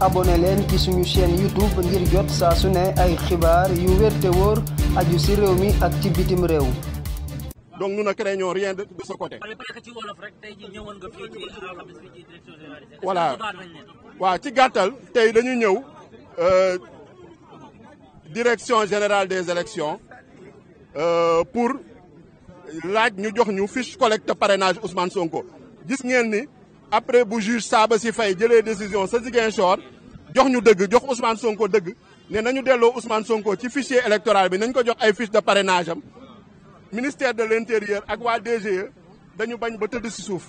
abonné leen ci suñu seen YouTube ngir jot saa su ne ay xibaar yu wér te wóor aju si réew mi ak ci bitim réew. donc nous ne craignons rien de ce côté. voilà waaw ci gàttal tey dañu ñëw euh, direction générale des élections euh, pour laaj ñu jox ñu fiche collecte parrainage Ousmane Sonko gis ngeen après bu juge Sabassy Faye jëlee décision sa Ziguinchor jox ñu dëgg jox Ousmane Sonko dëgg ne nañu delloo Ousmane Sonko ci fichier électoral bi nañ ko jox ay fiche de parrainage am ministère de l'intérieur ak waa DGE dañu bañ ba tëdd si suuf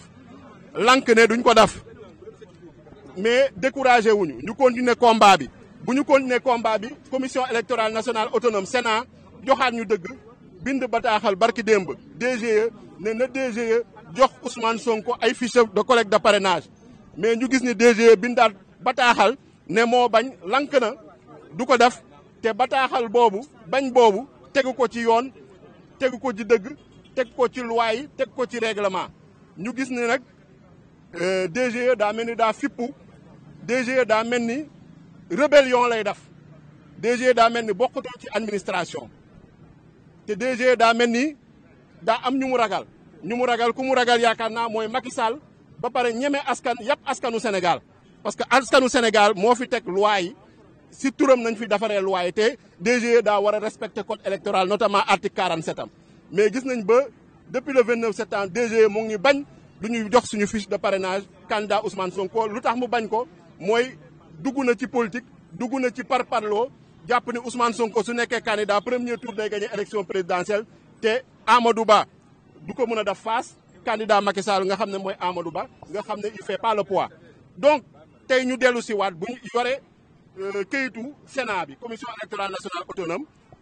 lank ne duñ ko daf mais découragé wuñu ñu continuer combat bi bu ñu continuer combat bi commission électorale nationale autonom Sénat joxaat ñu dëgg bind bataaxal barki démb DGE ne na DGE jox Ousmane Sonko ay fiches de collecte de parrainage mais ñu gis ni DG bindaat bataaxal ne moo bañ lank na du ko def te bataaxal boobu bañ boobu tegu ko ci yoon tegu ko ci dëgg teg ko ci loi yi teg ko ci règlement ñu gis ni nag euh, DG daa mel ni daa fippu DG daa mel ni rébellion lay def DG daa mel ni bokkutoo ci administration te DG daa mel ni daa am ñu mu ragal ñu mu ragal ku mu ragal yaakaar naa mooy Macky Sall ba pare ñeme askan yàpp askanu Sénégal parce que askanu Sénégal moo fi teg loi yi si turam nañ fi defaree loi te DGE daa war a respecter code électoral notamment article 47 am mais gis nañ ba depuis le 29 septembre DGE mu ngi bañ du ñuy jox suñu fiche de parrainage candidat Ousmane Sonko lu tax mu bañ ko mooy dugg na ci politique dugg na ci par loo jàpp ni Ousmane Sonko su nekkee candidat premier tour day gagné élection présidentielle te Amadou Ba du ko mën a def face candidat Macky Sall nga xam ne mooy Amadou Ba nga xam ne il fait pas le donc tey ñu dellu si waat bu ñu yore euh, këyitu Sénat bi commission électorale nationale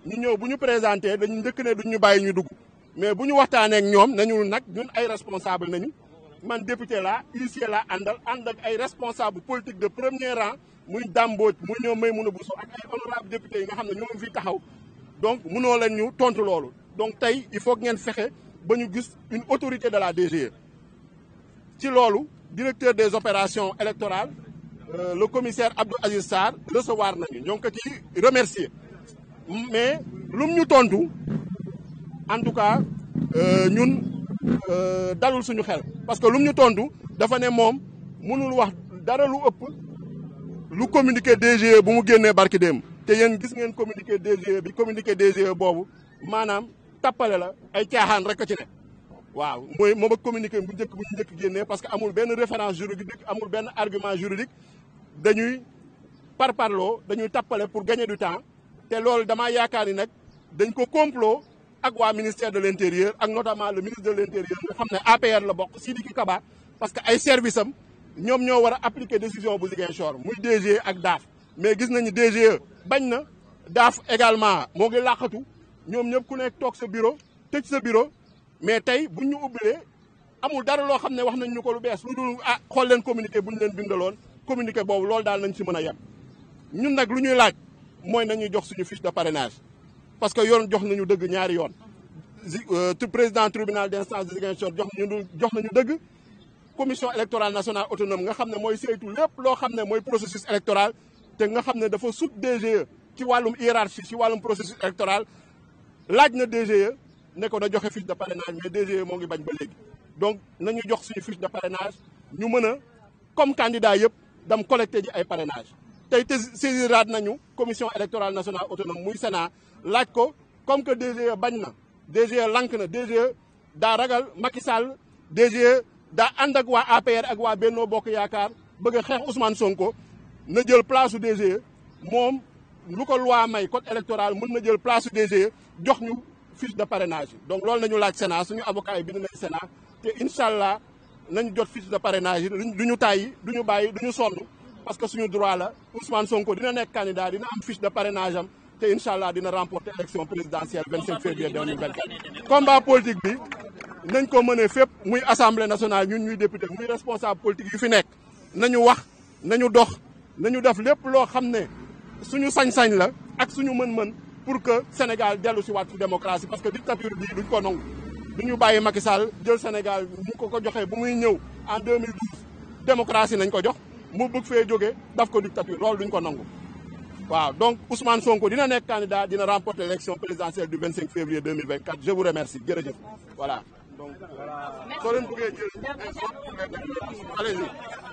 ñu ñëw bu ñu présenté dañu njëkk ne duñ ñu bàyyi ñu dugg mais bu ñu waxtaanee ñoom nañu nag ñun ay responsable nañu man député la huissier la àndal ànd ak ay responsable politique de premier rang muy dàmbooj muy ñoom Maïmouna Bousso ak ay honorable député nga xam ne ñoom fi taxaw donc mënoo leen ñu tontu loolu donc tey il faut ngeen fexe ba ñu gis une autorité de la DGE ci loolu directeur des opérations électorales euh, le commissaire Abdou Aziz Sarr recevoir nañu ñoo ngi ko ci remercier mais lum ñu tontu en tout cas euh, ñun euh, dalul suñu xel parce que lum ñu tontu dafa ne moom mënul wax dara lu ëpp lu communiqué DGE bu mu génnee barki démb te yéen gis ngeen communiqué DGE bi communiqué DGE boobu maanaam tappale la ay caaxaan rek a ci ne waaw mooy moom ak communiqué bu njëkk bu njëkk génnee parce que amul benn référence juridique amul benn argument juridique dañuy loo dañuy tappale pour gagner du temps te loolu damaa yaakaar ni nag dañ ko complot ak waa ministère de l'intérieur ak notamment le ministre de l'intérieur nga xam ne APR la bokk Sidiki Kaba parce que ay service am ñoom ñoo war a appliquer décision bu Ziguinchor muy DGE ak daaf mais gis nañu DGE bañ na DAF également moo ngi ñoom ñëpp ku nekk toog sa biro tëj sa biro mais tey bu ñu ubbilee amul dara loo xam ne wax nañ ñu ko lu bees lu dul ah xool leen communiqué bu leen bindaloon communiqué boobu loolu daal nañ si mën a yem ñun nag lu ñuy laaj mooy nañuy jox suñu fiche de parrainage parce que yoon jox nañu dëgg ñaari yoon euh, président tribunal d'instance de Ziguinchor jox ñu jox nañu dëgg commission électorale nationale autonome nga xam ne mooy saytu lépp loo xam ne mooy processus électoral nga xam ne dafa sut e ci wàllum hiérarchie ci wàllum processus électoral laaj na DGE ne ko na joxe fiche de parrainage mais DGE moo ngi bañ ba léegi donc nañu jox suñu fiche de parrainage ñu mën a comme candidat yëpp dam collecté ji ay parrainage tey te saisiraat nañu commission électorale nationale autonome muy Sénat laaj ko comme que DGE bañ na DGE lank na DGE daa ragal Macky Sall DGE daa ànd ak waa APR ak waa bennoo Bokk Yaakaar bëgg a xeex Ousmane Sonko na jël place su DGE moom lu ko loi may code électoral mën na jël place su DGE jox ñu fiche de parrainage yi donc loolu nañu laaj sena suñu avocat yi bind nañ Sénat te incha allah nañ jot fiche de parrainage yi du ñu tàyyi du ñu bàyyi du ñu sonn parce que suñu droit la Ousmane Sonko dina nekk candidat dina am fiche de parrainage am te incha allah dina remporter élection présidentielle 25 février 2024. combat politique bi nañ ko mënee fépp muy assemblée nationale ñun ñuy député muy responsable politique yu fi nekk nañu wax nañu dox nañu def lépp loo xam ne suñu sañ-sañ la ak suñu mën-mën. pour que Sénégal dellu si waat ci parce que dictature bii duñ ko nangu duñu bàyyi Macky Sall jël Sénégal ñu ko ko joxee bu muy ñëw en 2012 démocratie nañ ko jox mu bëgg fee jógee daf ko dictature loolu duñ ko nangu waaw donc Ousmane Sonko dina nekk candidat dina remporter l'élection présidentielle du 25 février 2024 je vous remercie jërëjëf voilà donc soo leen bëggee jël allez-y